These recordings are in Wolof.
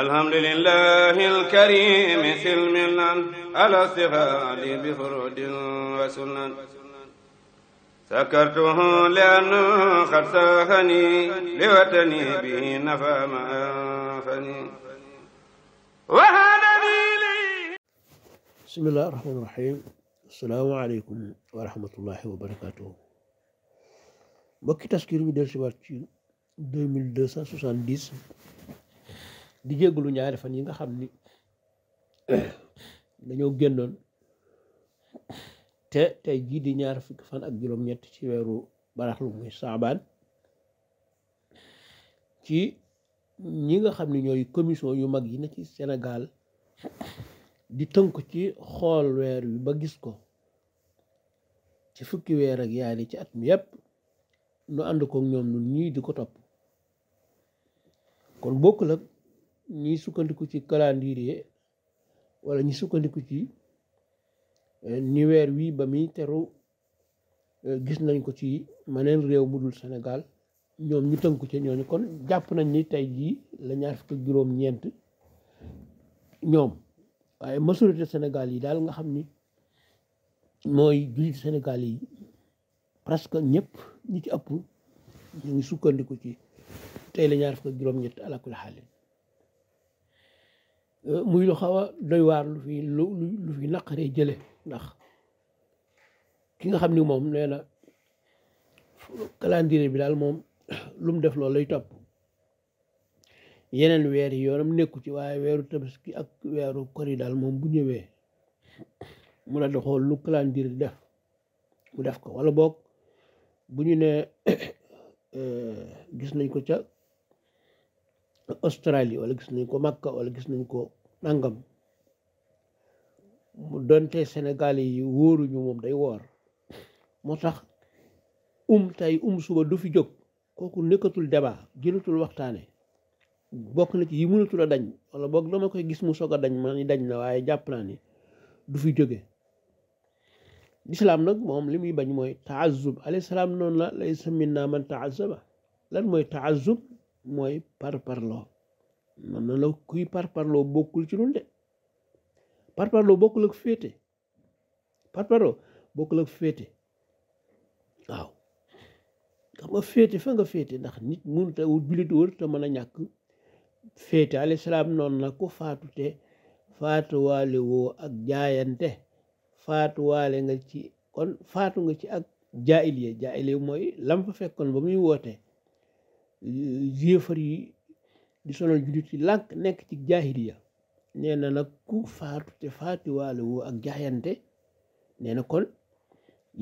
alhamdulillahi alkarimi silmilan alastifaad bifurud wa sunan sakartuhu lianna qad saafani liwatani bihi nafa ma anfani bismillahi rahmaani rahiim assalaamu aleykum wa rahmatullahi wa barakaatuhu mbokki taskir mi del si waat ci deux mille deux cent soixante-dix di jéggalu ñaari fan yi nga xam ni dañoo génnoon te tey jii di ñaar fukki fan ak juróom-ñett ci weeru baraxlu muy saabaan ci ñi nga xam ni ñooy commission yu mag yi ne ci Sénégal di tënk ci xool weer wi ba gis ko ci fukki weer ak yaari ci at mi yépp nu ànd ko ñoom ñun ñii di ko topp kon bokkul ak ñi sukkandiku ci calendrier walla ñi sukkandiku ci eh, ni wii ba muy teru eh, gis nañ ko ci meneen réew mu dul senegal ñoom ñu tënku ci ñooñu kon jàpp nañ ni tey jii la ñaar fukk ak ñoom waaye majorité Sénégal yi daal nga xam ni mooy jullit senegal yi presque ñëpp ñi ci ëpp ñu ngi sukkandiku ci tey la ñaar fukk ak juróom-ñett alakul xaalis muy lu xaw a doy waar lu fi lu lu fi naqaree jële ndax ki nga xam ni moom nee na calendrier bi daal moom lu mu def loolu lay topp yeneen weer yi yoonam nekku ci waaye weeru tabaski ak weeru kori daal moom bu ñëwee mu ne da xool lu calendrier def mu def ko wala bokk bu ñu ne euh, gis nañ ko ca Australie wala gis nañ ko Makka wala gis nañ ko nangam mu donte Sénégal yi wóoruñu moom day woor moo tax um tey um suba du fi jóg kooku nekkatul débat jëlatul waxtaane bokk na ci yi mënatul a dañ wala boog dama koy gis mu soog a dañ man ni dañ na waaye jàpp naa ni du fi jóge lislaam nag moom li muy bañ mooy taazub alayhi salaam noonu la laysa minna man taazaba lan mooy taazub mooy parparloo man na kuy parparloo bokkul ci loolu de parparloo bokkul ak féete parparloo bokkul ak féete waaw xam nga féete fa nga féete ndax nit mënut a jullit te mën a ñàkk féete alayhi salaam noonu la ko faatu te faatu waale woo ak jaayante faatu waale nga ci kon faatu nga ci ak jaahiliya jaahiliya mooy lam fa fekkoon ba muy wootee yéefar yi di sonal jullit yi lànk nekk ci jaahiliya nee na nag ku faatu te faatiwaale woo ak jaayante nee na kon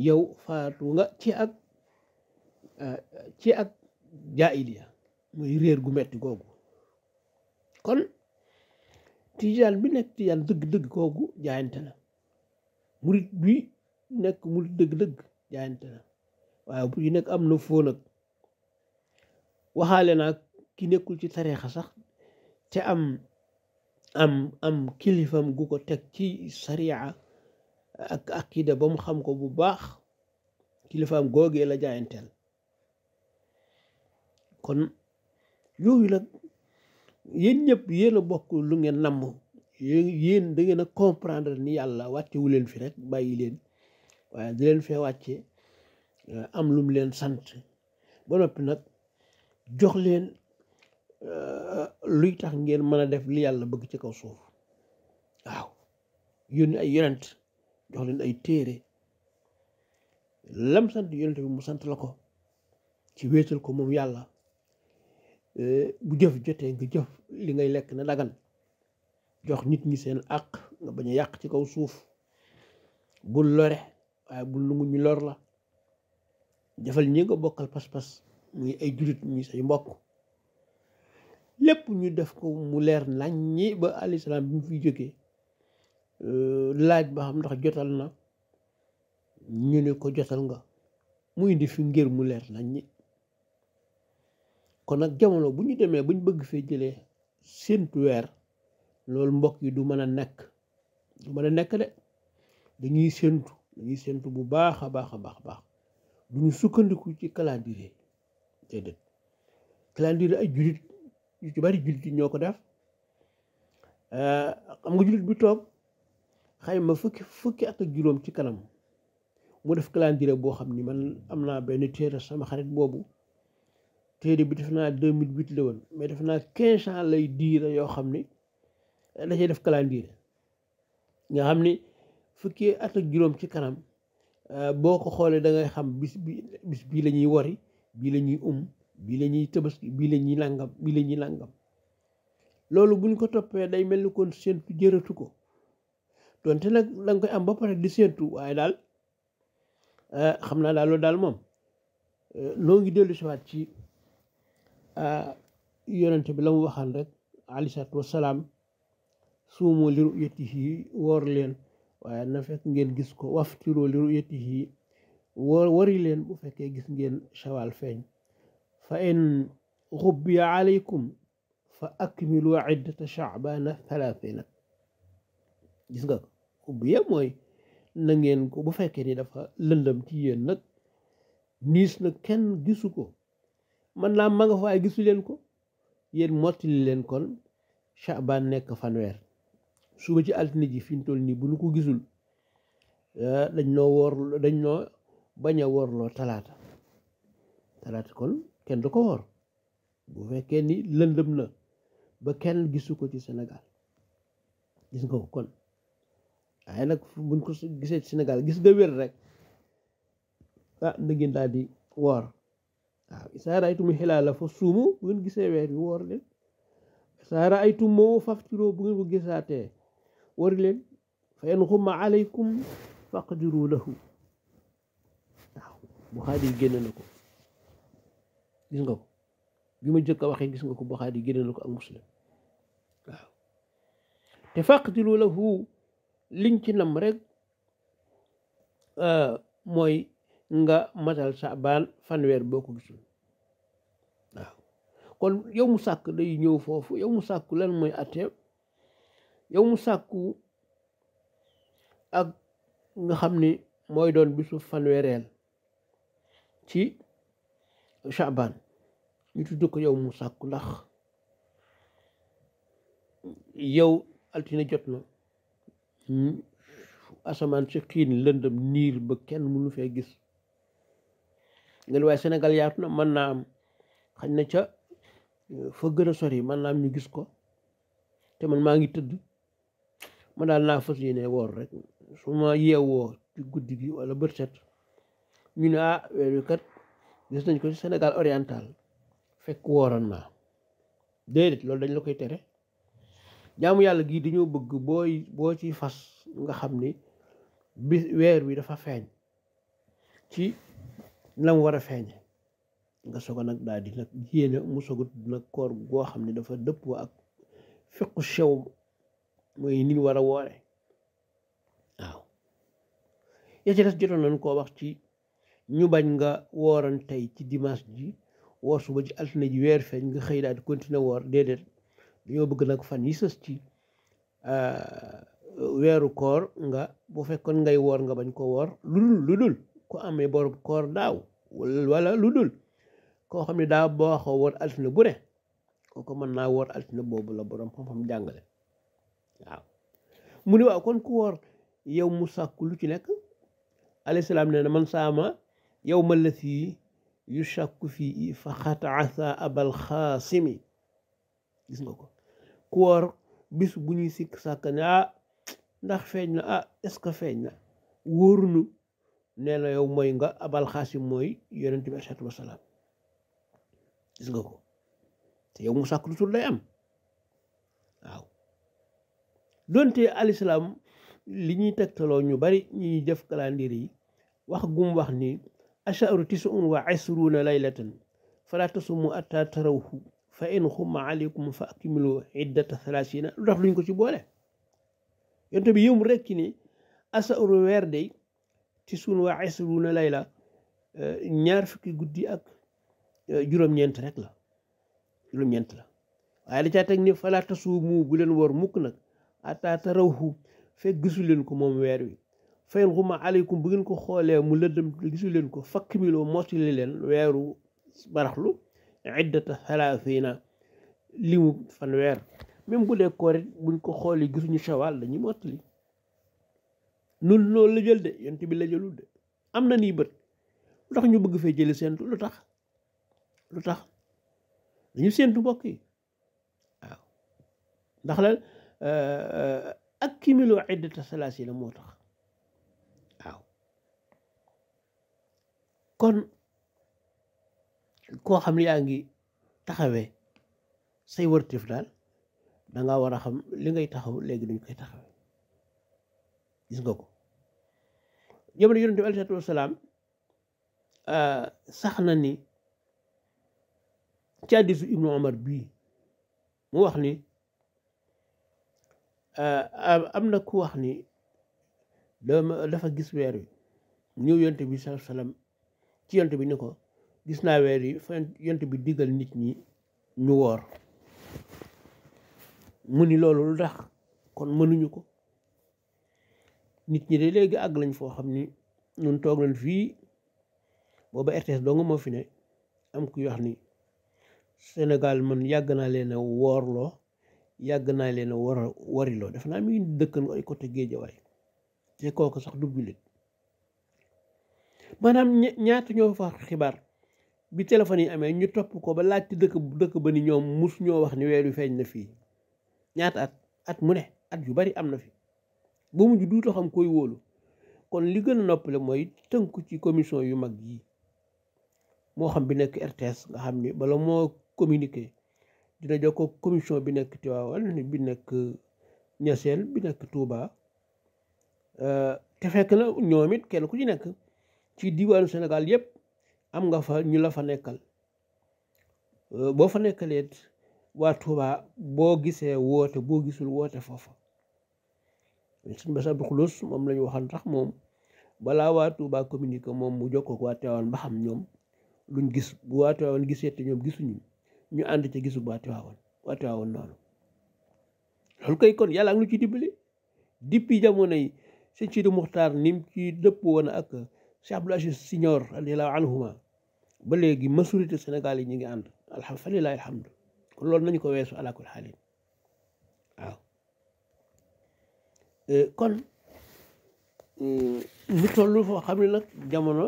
yow faatu nga ci ak ah, ci ak jaahiliya muy réer gu metti googu kon tijaan bi nekk tijaan dëgg-dëgg googu jaayante na murit bi nekk murit dëgg-dëgg jaayante na waaye bu ci nekk am na foo waxaale naa ki nekkul ci tariixa sax te am am am kilifam gu ko teg ci sariya ak akida ba mu xam ko bu baax kilifam googee la jaayanteel kon yooyu nag yéen ñëpp yéen a bokk lu ngeen namm yéen da ngeen a comprendre ni yàlla wàccewu leen fi rek bàyyi leen waaye di leen fee wàcce am lu leen sant ba noppi nag jox leen euh, luy tax ngeen mën a def li yàlla bëgg ci kaw suuf waaw yónni ay yonent jox leen ay téere lam sant yonent bi mu sant la ko ci wéetal ko moom yàlla bu jëf jotee nga jëf li ngay lekk na dagan jox nit ñi seen àq nga bañ a yàq ci kaw suuf bul lore waaye bul lu ngu ñu lor la defal ñi nga bokkal pas-pas muy ay jullit muy say mbokk lépp ñu def ko mu leer nañ ñi ba alayhi salaam bi mu fi jógee euh, laaj ba xam ndox jotal na ñu ne ko jotal nga muy indi ngir mu leer nañ ñi kon nag jamono bu ñu demee ba ñu bëgg fee jëlee séntu weer loolu mbokk yi du mën a nekk du mën a nekk de dañuy séntu dañuy séntu bu baax a baax a baax baax du ñu sukkandiku ci calendrier déedéet calendrier ay jullit yu ci bari jullit yi ñoo ko def eh, xam nga jullit bi toog xayma fukki fukki ak juróom ci kanam mu def calendrier boo xam ni man am naa benn téere sama xarit boobu téere bi def naa deux mille huit la woon mais def naa quinze ans lay diire yoo xam ni da cay def calendrier nga xam ni fukki at juróom ci kanam eh, boo ko xoolee da ngay xam bis bi bis bii lañuy wori bii la ñuy um bii la ñuy tabaski bii la ñuy làngam bii la ñuy làngam loolu buñ ko toppee day mel ni kon séentu jëratu ko donte nag da nga am ba pare di séentu waaye daal eh, xam naa daal loolu daal moom eh, noo ngi dellu siwaat ci eh, yonente bi la mu waxaan rek aleyhi salaatu wassalaam suumoo li ruyatihi woor leen waaye na fekk ngeen gis ko waftiroo li ruyatihi wari leen bu fekkee gis ngeen shawal feeñ fa in xubbiya aleykum fa akmilu iddata chaabana thalathina gis nga ko xubbiya mooy na ngeen ko bu fekkee ni dafa lëndëm ci yéen nag niis na kenn gisu ko man naa ma fa waaye gisu leen ko yéen mottali leen kon chaabaan nekk fanweer suba ci altine ji fi ñu toll nii bu nu ko gisul eh, dañ noo noo bañ a woorloo talaata talaata kon kenn du ko woor bu fekkee ni lëndëm na ba kenn gisu ko ci Sénégal gis nga ko kon waaye nag buñ ko gisee ci gis nga wér rek ah na ngeen daal di woor waaw isaara aytum xilaala fa suumu bu gisee weer bi woor leen isaara aytum moo faftiroo bu gisaatee woor leen fa in xumma alaykum faqdiru lahu Buxaari yi génne na ko gis nga ko bi ma jëkk a waxee gis nga ko Buxaari yi génne na ko ak muslim waaw te faqtilu lahu liñ ci nam rek euh, mooy nga matal sa fanweer boo ko gisul kon yow mu sàkk day ñëw foofu yow mu sàkku lan mooy atte yow mu sàkku ak nga xam ni mooy doon bisu fanweereel ci Chaban ñu tudd ko yow mu sàkku ndax yow altine jot na asamaan si xiin lëndëm niir ba kenn mënu fee gis ngeen waaye Sénégal yaatu na mën naa am xañ na ca fa gën a sori mën naa am ñu gis ko te man maa ngi tëdd ma daal naa fas yéene woor rek su ma yeewoo ci guddi gi wala bët set ñu ne ah weer wi kat gis nañ ko ci Sénégal oriental fekk wooroon naa déedéet loolu dañ la koy tere jaamu yàlla gii dañoo bëgg booy boo ci fas nga xam ni bi weer wi dafa feeñ ci lam war a feeñ nga soog nag daal di nag yéene mu soog nag koor goo xam ne dafa dëpp dëppoo ak fiqu sew mooy ni ñu war a woore waaw ya ci des jotoon nañ koo wax ci ñu bañ nga wooran tey ci dimanche ji woor suba ji altine ji weer feeñ nga xëy daal di continuer woor déedéet dañoo bëgg nag fan yi sës ci euh, weeru koor nga boo fekkoon ngay woor nga bañ koo woor lu dul lu dul ku amee borom koor daaw wala lu dul koo xam ne daa baaxoo woor altine bu ne kooku mën naa woor altine boobu la borom xam-xam jàngale waaw mu ni waaw kon ku woor yow mu sàkku lu ci nekk alayhi salaam nee na man saama yowma lati yushakku fii fa xataasa abal xaasimi gis nga ko ku woor bis bu ñuy sikk sàkk ne ah ndax feeñ na ah est ce que feeñ na wóorunu nee na yow mooy nga abal xaasim mooy gis nga te yow mu sàkk lu tur lay am waaw donte alislaam li ñuy tegtaloo ñu bari ñuy def calendrier yi wax gum wax ni ashaaru tisuun wa ishruuna laylatan falaa tasumu ataa tarawhu fa in xumma aleykum fa akmilu iddata thalaasina lu tax luñ ko ci boole yonte bi yëmul rekk ni ashaaru weer day tisuun wa ishruuna layla ñaar fukki guddi ak juróom-ñeent rek la juróom-ñeent la waaye da caa teg ni falaa tasuumu bu leen woor mukk nag ataa tarawhu fekk gisul leen ko moom weer wi fayal ma aleykum bu ngeen ko xoolee mu lëndëm gisu leen ko fakk miloo mottali leen weeru baraxlu iddata thalathina limu fan weer même bu dee koor it buñ ko xoolee gisuñu shawal dañuy mottali nun loolu la jël de yont bi la jëlul de am na nii bët lu tax ñu bëgg fee jële seentu lu tax lu tax dañu seentu mbokk yi waaw ndax la ak kimilu iddata thalathina moo tax kon koo xam ne yaa ngi taxawee say wartif daal danga war a xam li ngay taxaw léegi duñ koy taxawee gis nga ko jamono yonent bi alayhi euh, sax na ni ci ibnu omar bii mu wax ni euh, am na ku wax ni dafa gis weer wi ñëw yonent salaam ci yont bi ni ko gis naa weer yi fa yont bi digal nit ñi ñu woor mu ni loolu lu tax kon mënuñu ko nit ñi de léegi àgg lañ foo xam ni ñun toog nañ fii booba RTS dong moo fi ne am kuy wax ni Sénégal man yàgg naa leen a yàgg naa leen a war a wariloo def naa mi dëkkan ay côté géejawaay te kooku sax du jullit maanaam ñaata ñoo fa xibaar bi téléphone yi amee ñu topp ko ba laajte dëkk dëkk ba ni ñoom mus ñoo wax ni weeru feeñ na fii ñaata at at mu ne at yu bari am na fi ba mujj duuto xam koy wóolu kon li gën a noppale mooy tënku ci commission yu mag yi moo xam bi nekk RTS nga xam ni bala moo communiqué dina jokkoo commission bi nekk Tivaouane bi nekk Niassène bi nekk Touba euh, te fekk na ñoom it kenn ku ci nekk ci diwaanu Sénégal yëpp am nga fa ñu la fa nekkal euh, boo fa nekkaleet waa Touba boo gisee woote boo gisul woote foofa sëñ Bass Abdou Khoudoss moom lañu ñu waxoon moom balaa waa Touba communiqué moom mu jokkoo ak waa Tivaouane ba xam ñoom luñ gis bu waa Tivaouane gisee te ñoom gisuñu ñu ànd ca gisu waa Tivaouane waa Tivaouane noonu loolu koy kon yàlla ak lu ci dimbali depuis jamonoy sëñ Sidi Muxtaar nim ci dëpp woon ak Cheikh Abdoul Aziz Signor radiallahu anhuma ba léegi majorité senegal yi ñu ngi ànd alhamdulilah alhamdu kon loolu nañu ko weesu alakul xaalin euh, kon hmm, ñu toll foo xam ne nag jamono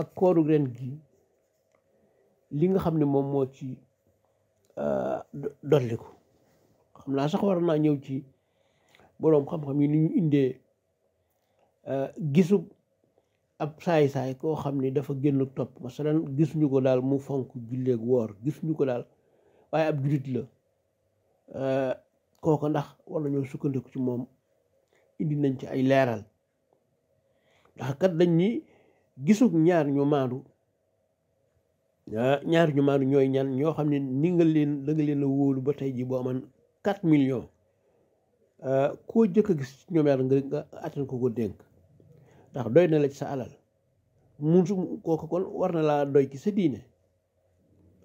ak kooru ren gi li nga xam ne moom moo ci euh, dolliku xam naa sax war naa ñëw ci boroom xam-xam yi ni ñu indee euh, gisub ab saay-saay koo xam ni dafa génn topp masalan gis ñu ko daal mu fonk julleeg woor gisuñu ko daal waaye ab julit la kooko ndax war nañoo sukkandiku ci moom indi nañ ci ay leeral ndax kat dañ ni gisug ñaar ñu maandu ñaar ñu maandu ñooy ñan ñoo xam ne ni nga leen da leen a wóolu ba tey ji boo aman quatre millions koo jëkk a gis ñoom yaar nga nga ko ko dénk ndax doy na la ci sa alal mun su kooku kon war na laa doy ci sa diine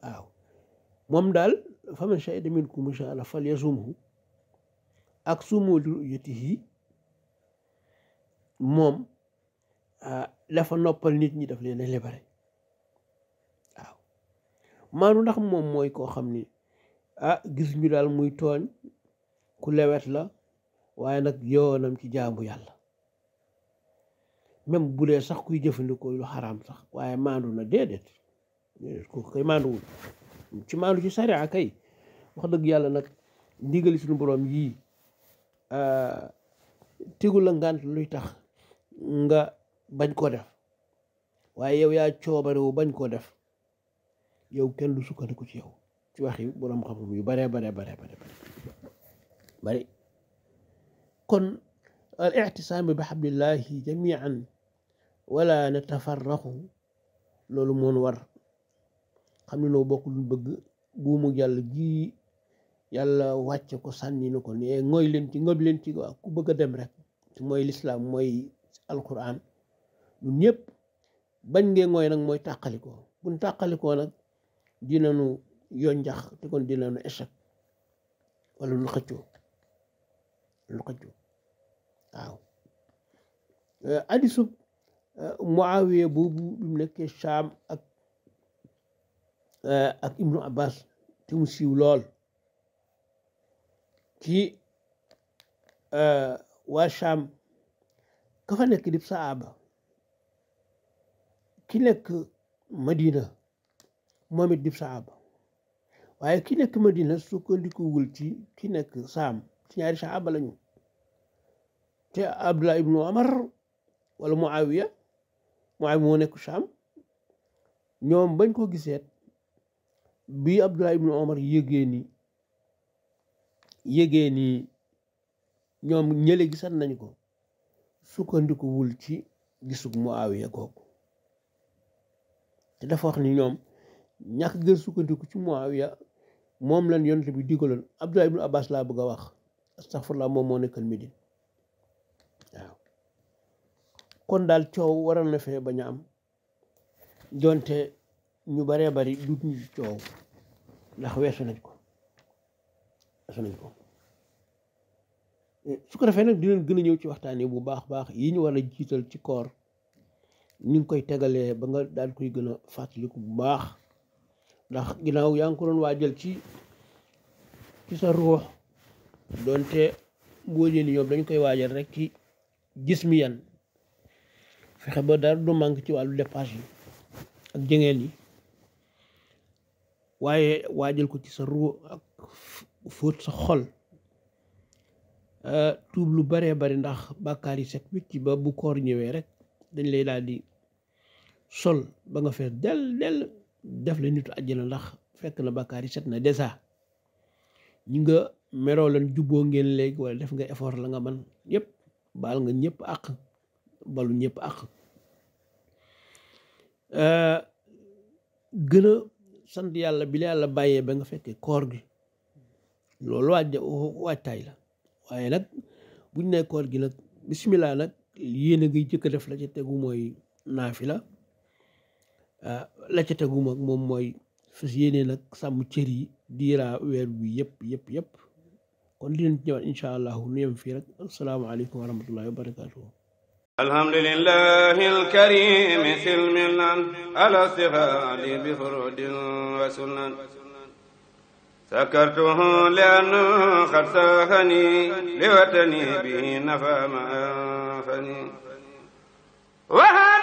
waaw moom daal faman shahida minkum shahra falyasumhu ak sumu ru'yatihi moom dafa noppal nit ñi daf leen a libéré waaw maanu ndax moom mooy koo xam ni ah gis ñu daal muy tooñ ku lewet la waaye nag yoonam ci jaamu yàlla même bu dee sax kuy jëfandikoo lu xaraam sax waaye maandu na déedéet déedéet eh, kooku kay maanduwul ci maandu ci sariya kay wax dëgg yàlla nag ndigali suñu borom yii ah, tegu la ngant luy tax nga bañ koo def waaye yow yaa coobarewu bañ koo def yow kenn du sukkandiku ci yow ci waxi borom xam-xam yu bare bare bare bare bare kon al ictisaam bi hablillahi jamian wala na tafarraxu loolu moon war xam ne noo bokk lu bëgg buumu yàlla gi yàlla wàcce ko sànni na ko ne ngooy leen ci ngoob leen ci waaw ku bëgg a dem rek mooy lislaam mooy alquran ñun ñëpp bañ ngee ngooy nag mooy tàqalikoo buñ tàqalikoo nag dinañu yonjax te kon dinañu échec wala lu xëccoo lu xëccoo waaw eh, addi sub Muawiya boobu bi mu nekkee Saam ak eh, ak Ibnu Abbas te mu siiw lool ci eh, waa Saam ka nekk dib saaba ki nekk Madina moom it dib saaba waaye ki nekk Madina sukkandikuwul ci ki nekk Saam ci ñaari saaba lañu te Abdullah Ibnu Omar wala Muawiya waaye moo nekk Sham ñoom bañ ko giseet bi Abdullah ibnu Omar yëgee ni ni ñoom ñële gisat nañ ko sukkandikuwul ci gisug Muawiya kooku te dafa wax ni ñoom ñàkk gën sukkandiku ci Muawiya moom lan yonent bi digaloon Abdullah ibnu Abbas laa bëgg a wax laa moom moo nekkal Médine kon daal coow waral na fee bañ a am donte ñu baree bari duut ñu coow ndax weesu nañ ko weesu nañ ko su ko defee nag dinañ gën a ñëw ci waxtaan yi bu baax baax yi ñu war a jiital ci koor ñu ngi koy tegalee ba nga daal koy gën a fàttaliku bu baax ndax ginnaaw yaa ngi ko doon waajal ci ci sa ruux donte mbóojee ni ñoom dañ koy waajal rek ci gis mi yan fexe ba dara du manque ci wàllu dépense yi ak jëngeel yi waaye waajal ko ci sa ruu ak fóot sa xol eh, tuub lu baree bari ndax bàkkaar yi set wicc ba bu koor ñëwee rek dañ lay daal di sol ba nga fees del del def la nitu àjjana ndax fekk na bàkkaar set na dèjà ñu nga meroo lan jubboo ngeen léegi wala def nga effort la nga man yëpp baal nga ñëpp àq balu ñëpp àq gën a sant yàlla bi yàlla bàyyee ba nga fekkee koor gi loolu waaj waajtaay la waaye nag buñ ne koor gi nag bisimilah nag yéen a ngi jëkk a def la ca tegu mooy naafila la ca tegu moom mooy fas yéene nag sàmm cër yi diiraa weer bi yëpp yëpp yëpp kon dinañ ci ñëwaat incha allahu nu yem fii rek asalaamaaleykum wa rahmatullahi wa barakatuh الحمد لله الكريم سلمنا على استغال بفرود وسنن سكرته لأنه قد ساخني لوطني به نفى ما أنفني